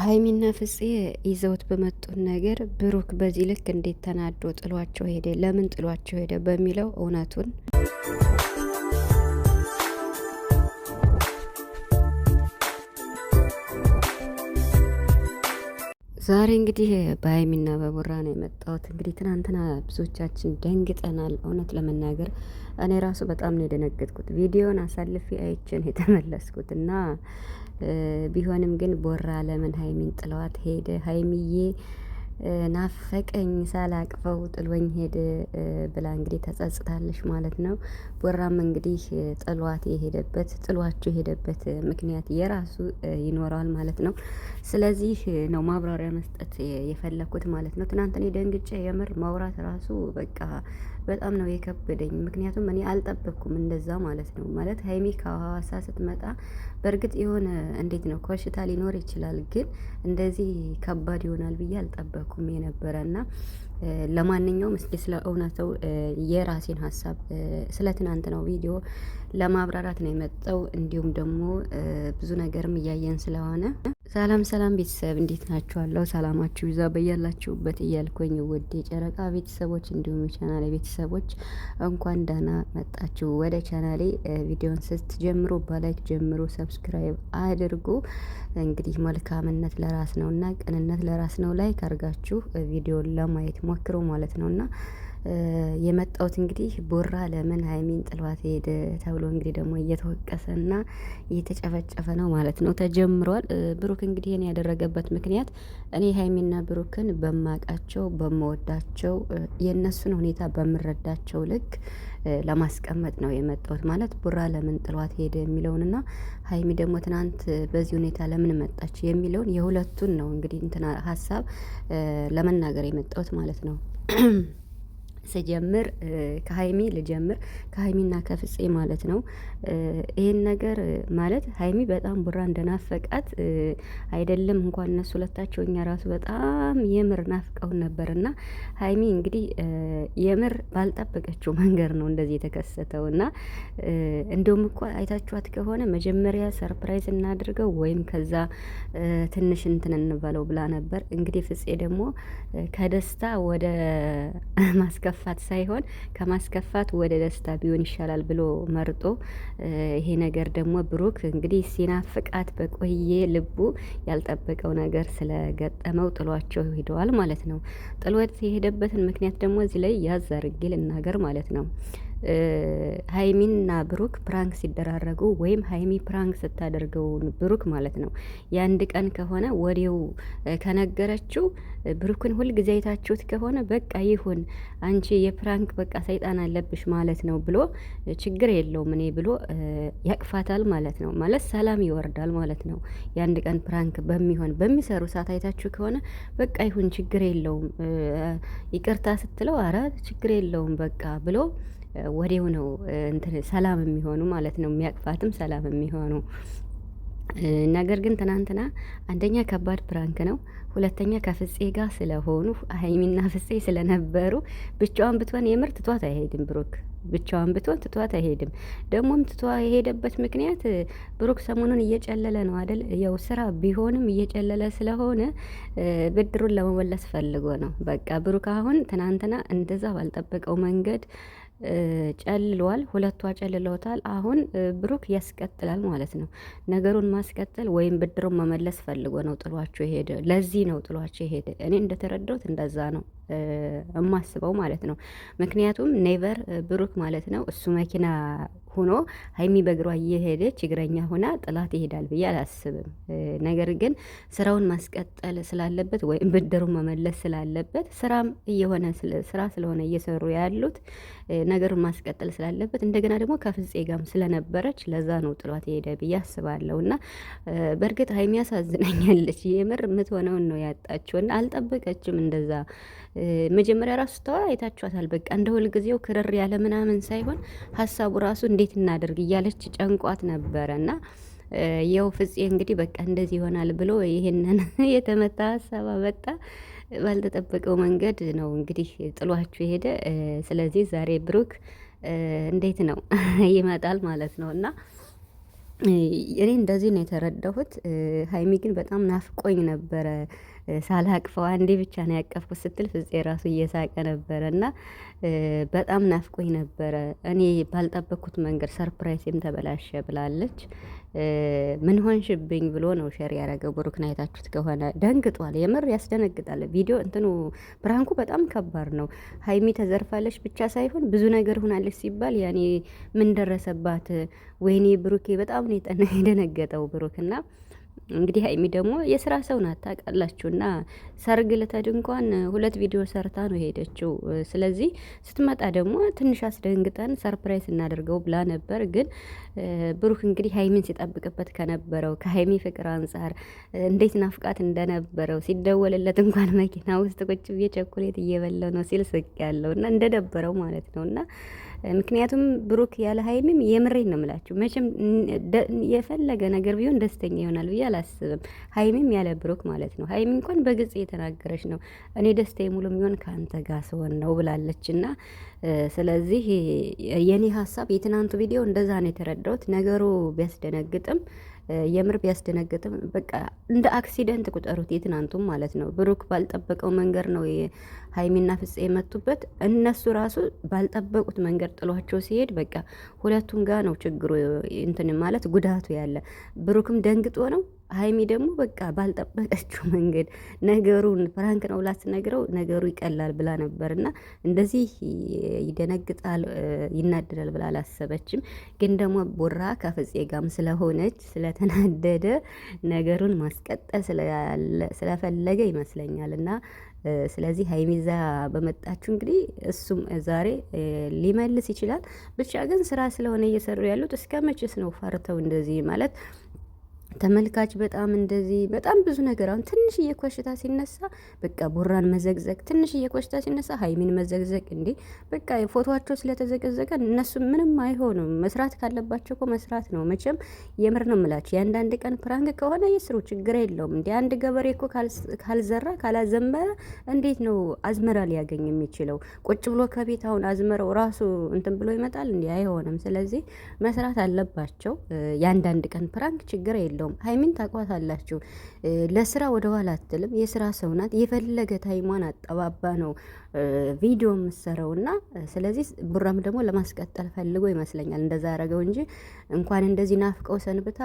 ሀይሚና ፍፄ ይዘውት በመጡት ነገር ብሩክ በዚህ ልክ እንዴት ተናዶ ጥሏቸው ሄደ፣ ለምን ጥሏቸው ሄደ በሚለው እውነቱን ዛሬ እንግዲህ በሀይሚና በቡራ ነው የመጣሁት። እንግዲህ ትናንትና ብዙዎቻችን ደንግጠናል። እውነት ለመናገር እኔ ራሱ በጣም ነው የደነገጥኩት። ቪዲዮን አሳልፌ አይቼን የተመለስኩት እና ቢሆንም ግን ቦራ ለምን ሀይሚን ጥለዋት ሄደ? ሀይሚዬ ናፈቀኝ ሳላቅፈው ጥሎኝ ሄደ ብላ እንግዲህ ተጸጽታለች ማለት ነው። ቦራም እንግዲህ ጥሏት የሄደበት ጥሏቸው የሄደበት ምክንያት የራሱ ይኖረዋል ማለት ነው። ስለዚህ ነው ማብራሪያ መስጠት የፈለኩት ማለት ነው። ትናንት እኔ ደንግጬ የምር ማውራት ራሱ በቃ በጣም ነው የከበደኝ። ምክንያቱም እኔ አልጠበቅኩም እንደዛ ማለት ነው። ማለት ሀይሚ ከሀዋሳ ስትመጣ በእርግጥ የሆነ እንዴት ነው ኮሽታ ሊኖር ይችላል፣ ግን እንደዚህ ከባድ ይሆናል ብዬ አልጠበቅኩም የነበረ እና ለማንኛውም እስኪ ስለ እውነተው የራሴን ሀሳብ ስለ ነው ቪዲዮ ለማብራራት ነው የመጣው። እንዲሁም ደግሞ ብዙ ነገርም እያየን ስለሆነ ሰላም ሰላም ቤተሰብ እንዴት ናችኋለሁ? ሰላማችሁ ይዛ በያላችሁበት እያልኩኝ ውድ የጨረቃ ቤተሰቦች እንዲሁም የቻናል ቤተሰቦች እንኳን ደህና መጣችሁ ወደ ቻናሌ። ቪዲዮን ጀምሮ በላይክ ጀምሮ ሰብስክራይብ አድርጉ። እንግዲህ መልካምነት ለራስ ነው እና ቅንነት ለራስ ነው። ላይክ አድርጋችሁ ቪዲዮን ለማየት የምትሞክረው ማለት ነው። እና የመጣሁት እንግዲህ ቦራ ለምን ሀይሚን ጥሏት ሄደ ተብሎ እንግዲህ ደግሞ እየተወቀሰና እየተጨፈጨፈ ነው ማለት ነው ተጀምሯል። ብሩክ እንግዲህ ይህን ያደረገበት ምክንያት እኔ ሀይሚና ብሩክን በማቃቸው በመወዳቸው የእነሱን ሁኔታ በምረዳቸው ልክ ለማስቀመጥ ነው የመጣሁት። ማለት ቡራ ለምን ጥሏት ሄደ የሚለውንና ሀይሚ ደግሞ ትናንት በዚህ ሁኔታ ለምን መጣች የሚለውን የሁለቱን ነው እንግዲህ እንትና ሀሳብ ለመናገር የመጣሁት ማለት ነው። ስጀምር ከሀይሚ ልጀምር ከሀይሚና ከፍፄ ማለት ነው። ይህን ነገር ማለት ሀይሚ በጣም ቡራ እንደናፈቃት አይደለም እንኳን እነሱ ሁለታቸው እኛ ራሱ በጣም የምር ናፍቀውን ነበር። እና ሀይሚ እንግዲህ የምር ባልጠበቀችው መንገድ ነው እንደዚህ የተከሰተው። እና እንደውም እኮ አይታችኋት ከሆነ መጀመሪያ ሰርፕራይዝ እናድርገው ወይም ከዛ ትንሽ እንትን እንበለው ብላ ነበር። እንግዲህ ፍፄ ደግሞ ከደስታ ወደ ማስከ ማስከፋት ሳይሆን ከማስከፋት ወደ ደስታ ቢሆን ይሻላል ብሎ መርጦ ይሄ ነገር ደግሞ ብሩክ እንግዲህ ሲናፍቃት በቆየ ልቡ ያልጠበቀው ነገር ስለገጠመው ጥሏቸው ሂደዋል ማለት ነው። ጥሎት የሄደበትን ምክንያት ደግሞ እዚህ ላይ ያዝ አድርጌ ልናገር ማለት ነው። ሀይሚና ብሩክ ፕራንክ ሲደራረጉ ወይም ሀይሚ ፕራንክ ስታደርገው ብሩክ ማለት ነው የአንድ ቀን ከሆነ ወዲው ከነገረችው ብሩክን ሁልጊዜ አይታችሁት ከሆነ በቃ ይሁን አንቺ የፕራንክ በቃ ሰይጣን አለብሽ ማለት ነው ብሎ ችግር የለውም እኔ ብሎ ያቅፋታል ማለት ነው። ማለት ሰላም ይወርዳል ማለት ነው። የአንድ ቀን ፕራንክ በሚሆን በሚሰሩ ሰዓት አይታችሁ ከሆነ በቃ ይሁን ችግር የለውም ይቅርታ ስትለው አረ ችግር የለውም በቃ ብሎ ወዲው ነው እንትን ሰላም የሚሆኑ ማለት ነው። የሚያቅፋትም ሰላም የሚሆኑ ነገር ግን ትናንትና አንደኛ ከባድ ፕራንክ ነው፣ ሁለተኛ ከፍጼ ጋር ስለሆኑ ሀይሚና ፍጼ ስለነበሩ ብቻዋን ብትሆን የምር ትቷት አይሄድም ብሩክ ብቻዋን ብትሆን ትቷት አይሄድም። ደግሞም ትቷ የሄደበት ምክንያት ብሩክ ሰሞኑን እየጨለለ ነው አደል? ያው ስራ ቢሆንም እየጨለለ ስለሆነ ብድሩን ለመመለስ ፈልጎ ነው። በቃ ብሩክ አሁን ትናንትና እንደዛ ባልጠበቀው መንገድ ጨልሏል። ሁለቷ ጨልለውታል። አሁን ብሩክ ያስቀጥላል ማለት ነው። ነገሩን ማስቀጠል ወይም ብድሩን መመለስ ፈልጎ ነው ጥሏቸው የሄደ። ለዚህ ነው ጥሏቸው የሄደ። እኔ እንደተረዳሁት እንደዛ ነው እማስበው ማለት ነው። ምክንያቱም ኔቨር ብሩክ ማለት ነው እሱ መኪና ሆኖ ሀይሚ በእግሯ እየሄደች እግረኛ ሆና ጥላት ይሄዳል ብዬ አላስብም። ነገር ግን ስራውን ማስቀጠል ስላለበት ወይም ብድሩ መመለስ ስላለበት ስራም እየሆነ ስራ ስለሆነ እየሰሩ ያሉት ነገሩን ማስቀጠል ስላለበት እንደገና ደግሞ ከፍፄ ጋም ስለነበረች ለዛ ነው ጥሏት ሄደ ብዬ አስባለሁ። እና በእርግጥ ሀይሚ ያሳዝነኛለች። የምር የምትሆነውን ነው ያጣችው። እና አልጠበቀችም እንደዛ መጀመሪያ ራሱ ተዋ አይታችኋታል። በቃ እንደ ሁልጊዜው ክርር ያለ ምናምን ሳይሆን ሀሳቡ ራሱ እንዴት እናደርግ እያለች ጨንቋት ነበረ እና የው ፍፄ እንግዲህ በቃ እንደዚህ ይሆናል ብሎ ይሄንን የተመታ ሀሳብ አመጣ። ባልተጠበቀው መንገድ ነው እንግዲህ ጥሏችሁ ሄደ። ስለዚህ ዛሬ ብሩክ እንዴት ነው ይመጣል ማለት ነው እና እኔ እንደዚህ ነው የተረዳሁት። ሀይሚ ግን በጣም ናፍቆኝ ነበረ። ሳላቅፈው አንዴ ብቻ ነው ያቀፍኩት ስትል ፍፄ ራሱ እየሳቀ ነበረ እና በጣም ናፍቆኝ ነበረ። እኔ ባልጠበቅኩት መንገድ ሰርፕራይዝም ተበላሸ ብላለች። ምን ሆንሽብኝ ብሎ ነው ሸር ያደረገው። ብሩክን አይታችሁት ከሆነ ደንግጧል። የምር ያስደነግጣል። ቪዲዮ እንትኑ ብራንኩ በጣም ከባድ ነው። ሀይሚ ተዘርፋለች ብቻ ሳይሆን ብዙ ነገር ሆናለች ሲባል ያኔ ምን ደረሰባት? ወይኔ ብሩኬ በጣም ነው የደነገጠው ብሩክና እንግዲህ ሀይሚ ደግሞ የስራ ሰው ናት ታውቃላችሁና፣ ሰርግ ልተድ እንኳን ሁለት ቪዲዮ ሰርታ ነው የሄደችው። ስለዚህ ስትመጣ ደግሞ ትንሽ አስደንግጠን ሰርፕራይዝ እናደርገው ብላ ነበር። ግን ብሩክ እንግዲህ ሀይሚን ሲጠብቅበት ከነበረው ከሀይሚ ፍቅር አንጻር እንዴት ናፍቃት እንደነበረው ሲደወልለት እንኳን መኪና ውስጥ ቁጭ ብዬ ቸኮሌት እየበላው ነው ሲል ስቅ ያለው እና እንደነበረው ማለት ነው እና ምክንያቱም ብሩክ ያለ ሀይሚም የምሬን ነው የምላችሁ መቼም የፈለገ ነገር ቢሆን ደስተኛ ይሆናል ብዬ አላስብም። ሀይሚም ያለ ብሩክ ማለት ነው። ሀይሚ እንኳን በግልጽ እየተናገረች ነው። እኔ ደስታ ሙሉ የሚሆን ከአንተ ጋር ስሆን ነው ብላለች። እና ስለዚህ የኔ ሀሳብ የትናንቱ ቪዲዮ እንደዛ ነው የተረዳሁት። ነገሩ ቢያስደነግጥም የምር ቢያስደነግጥም በቃ እንደ አክሲደንት ቁጠሩት። የትናንቱም ማለት ነው። ብሩክ ባልጠበቀው መንገድ ነው ሀይሚና ፍፄ የመጡበት። እነሱ ራሱ ባልጠበቁት መንገድ ጥሏቸው ሲሄድ በቃ ሁለቱም ጋር ነው ችግሩ እንትን ማለት ጉዳቱ ያለ ብሩክም ደንግጦ ነው ሀይሚ ደግሞ በቃ ባልጠበቀችው መንገድ ነገሩን ፍራንክ ነው ብላ ስነግረው ነገሩ ይቀላል ብላ ነበር እና እንደዚህ ይደነግጣል ይናደዳል ብላ አላሰበችም። ግን ደግሞ ቦራ ከፍፄ ጋም ስለሆነች ስለተናደደ ነገሩን ማስቀጠል ስለፈለገ ይመስለኛል እና ስለዚህ ሀይሚዛ በመጣችሁ እንግዲህ እሱም ዛሬ ሊመልስ ይችላል። ብቻ ግን ስራ ስለሆነ እየሰሩ ያሉት እስከ መቼስ ነው ፈርተው እንደዚህ ማለት ተመልካች በጣም እንደዚህ በጣም ብዙ ነገር አሁን ትንሽዬ ኮሽታ ሲነሳ በቃ ቡራን መዘግዘግ፣ ትንሽዬ ኮሽታ ሲነሳ ሀይሚን መዘግዘግ። እንዴ በቃ ፎቶቸው ስለተዘገዘገ እነሱ ምንም አይሆኑም። መስራት ካለባቸው እኮ መስራት ነው። መቼም የምር ነው የምላቸው። የአንዳንድ ቀን ፕራንክ ከሆነ የስሩ ችግር የለውም። እንዲ አንድ ገበሬ እኮ ካልዘራ ካላዘመረ እንዴት ነው አዝመራ ሊያገኝ የሚችለው? ቁጭ ብሎ ከቤት አሁን አዝመረው ራሱ እንትን ብሎ ይመጣል? እንዲ አይሆንም። ስለዚህ መስራት አለባቸው። የአንዳንድ ቀን ፕራንክ ችግር የለው። የለውም። ሀይሚን ታውቋታላችሁ። ለስራ ኋላ አትልም። የስራ ሰው ናት። የፈለገ ታይሟን አጠባባ ነው ቪዲዮ የምትሰራው እና ስለዚህ ቡራም ደግሞ ለማስቀጠል ፈልጎ ይመስለኛል እንደዛ ያረገው እንጂ እንኳን እንደዚህ ናፍቀው ሰንብታ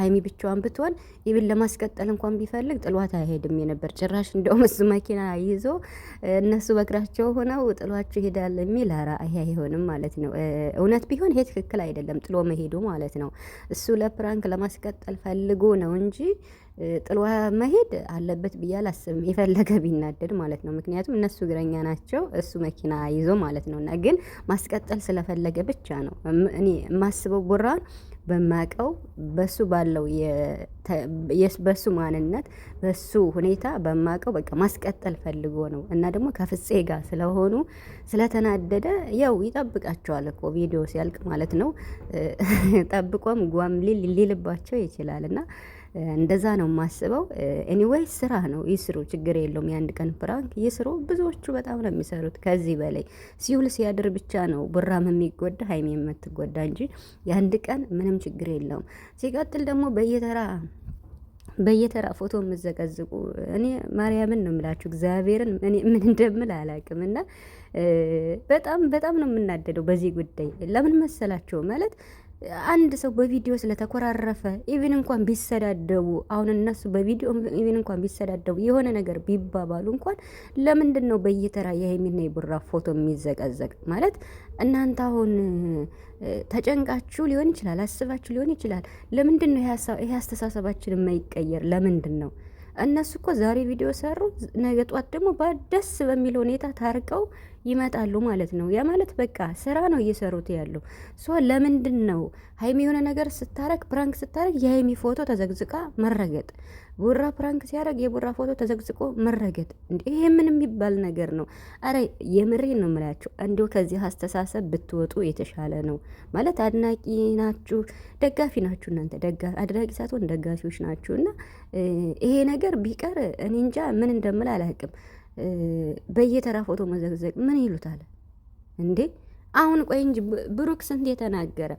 ሀይሚ ብቻዋን ብትሆን ይብን ለማስቀጠል እንኳን ቢፈልግ ጥሏት አይሄድም የነበር ጭራሽ እንደውም እሱ መኪና ይዞ እነሱ በእግራቸው ሆነው ጥሏቸው ይሄዳል የሚል ኧረ ይሄ አይሆንም ማለት ነው። እውነት ቢሆን ይሄ ትክክል አይደለም፣ ጥሎ መሄዱ ማለት ነው። እሱ ለፕራንክ ለማስቀጠል ፈልጎ ነው እንጂ ጥሎ መሄድ አለበት ብዬ አላስብም። የፈለገ ቢናደድ ማለት ነው። ምክንያቱም እነሱ እግረኛ ናቸው፣ እሱ መኪና ይዞ ማለት ነው። እና ግን ማስቀጠል ስለፈለገ ብቻ ነው እኔ የማስበው ቡራን በማቀው በሱ ባለው በሱ ማንነት በሱ ሁኔታ በማቀው በቃ ማስቀጠል ፈልጎ ነው። እና ደግሞ ከፍፄ ጋር ስለሆኑ ስለተናደደ ያው ይጠብቃቸዋል እኮ ቪዲዮ ሲያልቅ ማለት ነው። ጠብቆም ጓም ሊልባቸው ይችላል እና እንደዛ ነው የማስበው። ኤኒዌይ ስራ ነው ይስሩ፣ ችግር የለውም። የአንድ ቀን ፕራንክ ይስሩ። ብዙዎቹ በጣም ነው የሚሰሩት። ከዚህ በላይ ሲውል ሲያድር ብቻ ነው ብራም የሚጎዳ ሀይም የምትጎዳ እንጂ የአንድ ቀን ምንም ችግር የለውም። ሲቀጥል ደግሞ በየተራ በየተራ ፎቶ የምዘቀዝቁ እኔ ማርያምን ነው የምላችሁ፣ እግዚአብሔርን እኔ ምን እንደምል አላውቅም። እና በጣም በጣም ነው የምናደደው በዚህ ጉዳይ ለምን መሰላቸው ማለት አንድ ሰው በቪዲዮ ስለተኮራረፈ ኢቪን እንኳን ቢሰዳደቡ አሁን እነሱ በቪዲዮ ኢቪን እንኳን ቢሰዳደቡ የሆነ ነገር ቢባባሉ እንኳን ለምንድን ነው በየተራ የሀይሚና የቡራ ፎቶ የሚዘቀዘቅ? ማለት እናንተ አሁን ተጨንቃችሁ ሊሆን ይችላል፣ አስባችሁ ሊሆን ይችላል። ለምንድን ነው ይሄ አስተሳሰባችን የማይቀየር? ለምንድን ነው እነሱ እኮ ዛሬ ቪዲዮ ሰሩ፣ ነገ ጧት ደግሞ በደስ በሚል ሁኔታ ታርቀው ይመጣሉ ማለት ነው። ያ ማለት በቃ ስራ ነው እየሰሩት ያሉ ሶ ለምንድን ነው ሀይሚ የሆነ ነገር ስታረግ ፕራንክ ስታረግ የሀይሚ ፎቶ ተዘግዝቃ መረገጥ፣ ቡራ ፕራንክ ሲያደረግ የቡራ ፎቶ ተዘግዝቆ መረገጥ፣ እንዲ ይሄ ምን የሚባል ነገር ነው? አረ የምሬ ነው የምላቸው። እንዲሁ ከዚህ አስተሳሰብ ብትወጡ የተሻለ ነው ማለት አድናቂ ናችሁ፣ ደጋፊ ናችሁ። እናንተ አድናቂ ሳትሆን ደጋፊዎች ናችሁ። እና ይሄ ነገር ቢቀር እኔ እንጃ ምን እንደምል አላቅም በየተራ ፎቶ መዘግዘግ ምን ይሉታል እንዴ? አሁን ቆይ እንጂ ብሩክ ስንት የተናገረ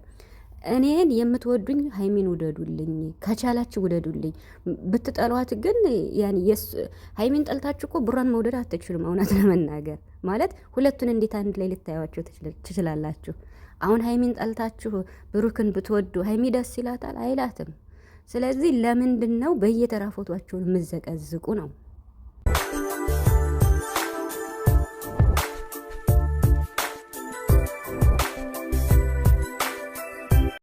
እኔን የምትወዱኝ ሀይሚን ውደዱልኝ፣ ከቻላችሁ ውደዱልኝ። ብትጠሏት ግን ሀይሚን ጠልታችሁ እኮ ብሯን መውደድ አትችሉም። እውነት ለመናገር ማለት ሁለቱን እንዴት አንድ ላይ ልታዩቸው ትችላላችሁ? አሁን ሀይሚን ጠልታችሁ ብሩክን ብትወዱ ሀይሚ ደስ ይላታል? አይላትም። ስለዚህ ለምንድን ነው በየተራ ፎቷቸውን የምዘቀዝቁ ነው?